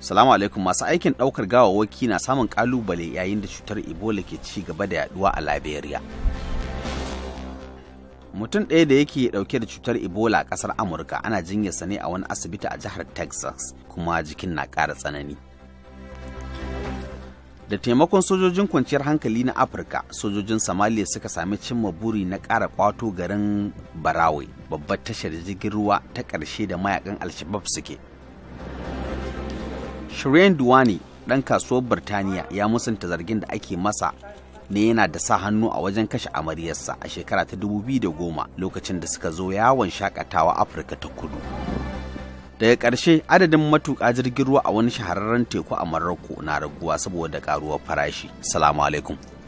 Salamu alaikum masu aikin ɗaukar gawawwaki na samun ƙalubale yayin da cutar Ebola ke ci gaba da yaduwa a Liberia. Mutum ɗaya da yake ɗauke da cutar Ebola a ƙasar Amurka ana jinyarsa ne a wani asibiti a jihar Texas kuma jikin na ƙara tsanani. Da taimakon sojojin kwanciyar hankali na Afirka, sojojin Somalia suka sami cimma buri na ƙara kwato garin Barawe, babbar tashar jirgin ruwa ta ƙarshe da mayakan Alshabab suke. Shireen Duwani ɗan kasuwar Birtaniya ya musanta zargin da ake masa ne yana da sa hannu a wajen kashe amaryarsa a shekara ta 2010 lokacin da suka zo yawon shakatawa Afirka ta kudu. Daga ƙarshe adadin matuƙa jirgin ruwa a wani shahararren teku a Maroko na raguwa saboda ƙaruwar farashi. Salamu alaikum.